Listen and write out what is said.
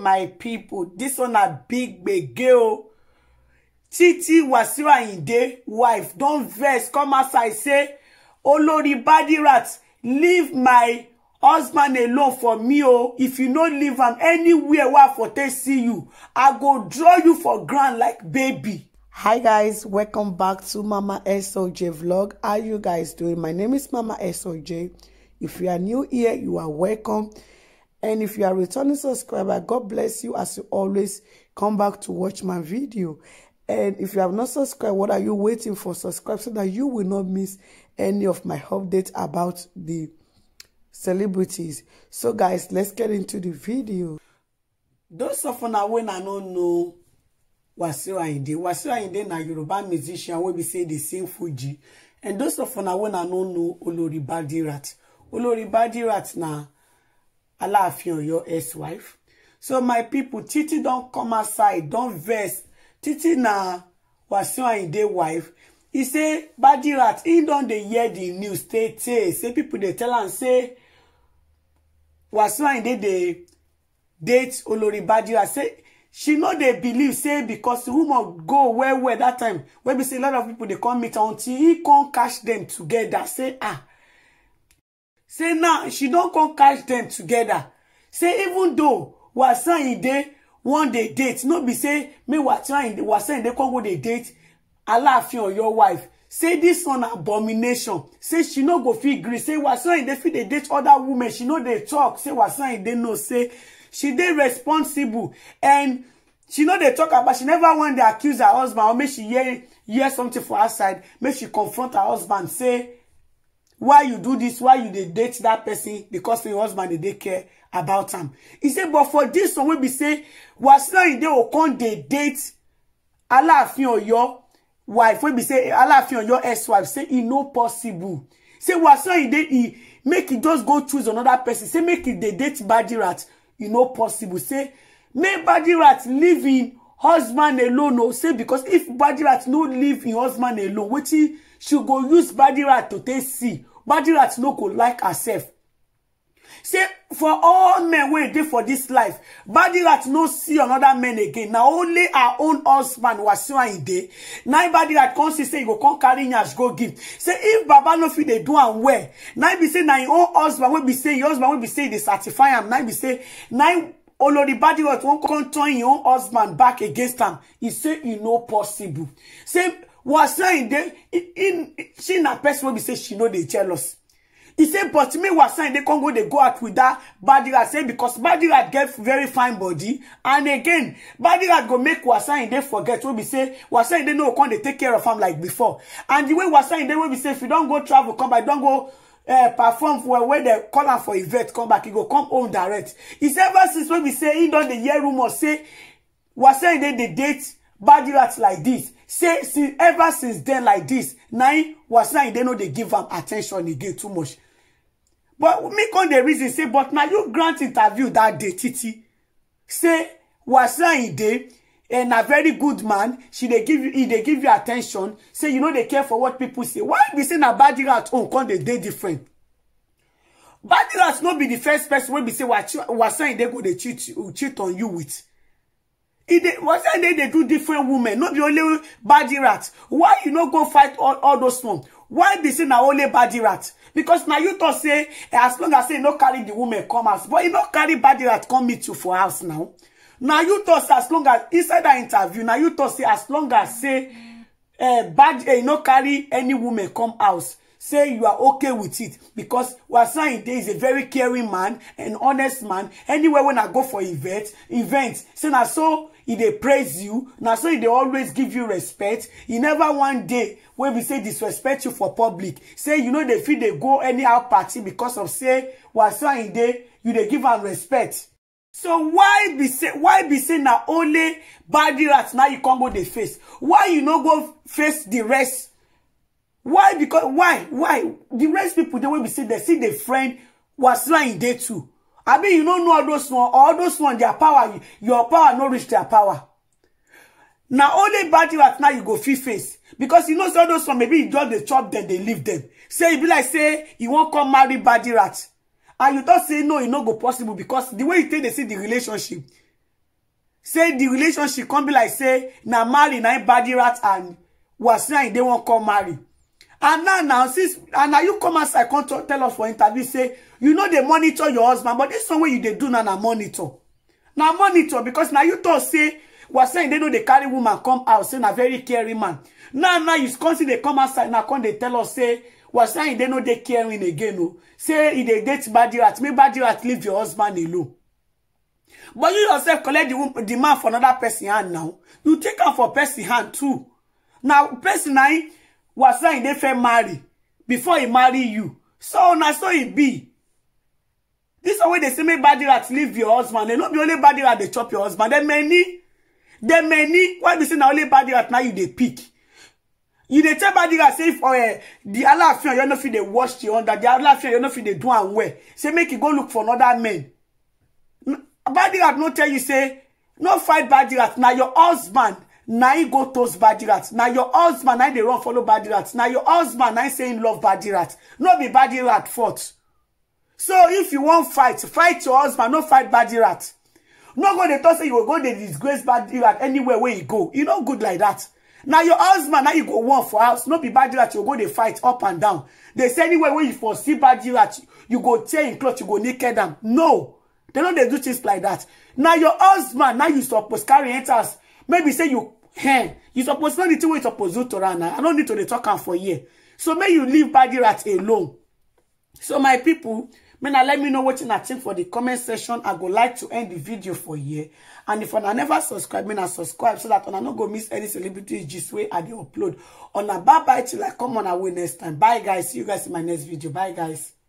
my people, this one a big gbege o titi wasiu ayinde wife don vex come outside say olori badirat leave my husband alone for me o if you no leave am anywhere wey i for take see you i go draw you for ground like baby hi guys welcome back to mama soj vlog how you guys doing my name is mama soj if you are new here you are welcome and if you are returning subscriber god bless you as you always come back to watch my video and if you have not subscribed what are you waiting for subscribe so that you will not miss any of my updates about the celebrities so guys let's get into the video those of una wey na no know Wasiu Ayinde Wasiu Ayinde na Yoruba musician wey be say the same Fuji and those of you? wey na no know Olori Badirat Olori Badirat na Aláàfin Ọ̀yọ́ ex-wife. So my people, Titi don't come outside, don't vex. Titi na Wasiu Ayinde wife. He say Badirat, he don't dey hear the news tey tey. Say people dey tell and say Wasiu Ayinde dey date Olori Badirat. Say she know they believe say because the woman go where where that time. When be say a lot of people they come meet until he come catch them together. Say ah say now she don't come catch dem togeda say even though wasan dey one dey date no be say me make wasan dey come go they date I laugh on your wife say this one abomination say she no go feel grief. say wasan they feel they date other women she know they talk. say wasan they no say she they responsible and she know they talk about she never want dey accuse her husband or make she hear hear something for outside make she confront her husband say why you do this why you dey date that person because your husband dey dey care about him. He say but for this one wey be say Wasiu Ayinde go come they date Aláàfin your wife wey be say Aláàfin your ex-wife say it e no possible say Wasiu Ayinde he make it just go choose another person say make it they date Badirat e no possible say make Badirat live in husband alone No oh. say because if Badirat no live in husband alone which he she go use Badirat to take see Body badirat no go like herself say for all men wey dey for this life body badirat no see another man again Now only her own husband wasiwa e dey na badirat come see say he go come carry nyash go give say if baba no fit they do and well Now be say now im own husband will be say im husband will be say they dey certify am na be say now. Olori Badirat won't turn your own husband back against am. He say e no possible. Say was saying they in, she na person will be say she no they jealous. He say but me was saying they can't go they go out with that Badirat say because Badirat get very fine body and again Badirat go make Wasan they forget will be say Wasan they no can they take care of him like before and the way Wasan they will be say if you don't go travel come by don't go uh, perform for when they call am for event come back he go come home direct e say ever since when we say e don dey hear rumour say was saying they the date badirat like this. say since ever since then like this. dis was im they know they give up attention. ten tion again too much but me call the reason say but na you grant interview that day titi say was Wasayinde and eh, a very good man she dey give you e dey give you attention say you no dey care for what people say why be say na bad at home come dey dey different bad rat no be the first person wey be say wasan dey go dey cheat cheat on you with e dey wasan dey dey do different women no be only bad rat why you no go fight all all those one why be say na only bad rat because na you talk say as long as say you no carry the woman come house but you no carry bad rat come meet you for house now Now you toss as long as inside dat interview Now you tok say as long as say eh, bad eh, you no carry any woman come house say you are okay with it because wasan ide is a very caring man an honest man anywhere when i go for event events, say na so e they praise you now so they always give you respect e never one day when we say disrespect you for public say you know they feel they go anyhow party because of say wasan ide you they give am respect so why be say why be say na only bad rats Now you come go the face why you no go face the rest why because why why the rest people they will be say they see the friend was wasline dey too mean you no know all those one all those one their power your power no reach their power Now only bad rats Now you go fit face because you know say all those one maybe you just dey chop dem they leave them. say e be like say you won't come marry bad rats and you don say no e not go possible because the way you take they see the relationship say the relationship can't be like say na marry body rat and was wasu they won't come marry and now now since and now you come outside come tell us for interview say you know they monitor your husband but dis one wey you they do now now monitor Now monitor because now you talk say was saying they know dey carry woman come out saying a very caring man now now you come see dey come outside now come they tell us say was saying they no dey caring again o say e dey date me, make badirat leave your husband alone but you yourself collect the, the man for another person hand now you take am for person hand too Now person I was saying they fair marry before he marry you so now so e be dis one wey dey say make badirat leave your husband They not be only badirat they chop your husband dem many dem many why you say now only badirat now you dey pick you dey tell badiga say if uh, the alaafin you no fit dey wash the under the alaafin oyo no fit dey do am well say make you e go look for another man badiga no tell you say no fight badiga na your husband na he go toast bad rat na your husband na dey run follow bad rat na your husband na say him love bad rat no be bad rat fault so if you wan fight fight your husband no fight bad rat no go dey talk say you go dey disgrace bad rat anywhere wey you go e no good like that Now your husband now you go want for house no be bajirat you go dey fight up and down They say anywhere wey you for see bajirat you go tear him cloth you go naked them. no they no they do things like that. Now your husband now you suppose carry enters maybe say you eh, you suppose not the thing wey you suppose do to run. now i don't need to talk am for here so may you leave bajirat alone so my people Mina, let me know what you think for the comment section. I go like to end the video for here. And if I never subscribe, mina subscribe so that I not go miss any celebrity gist way I they upload. On a bye bye till I come on away next time. Bye guys. See you guys in my next video. Bye guys.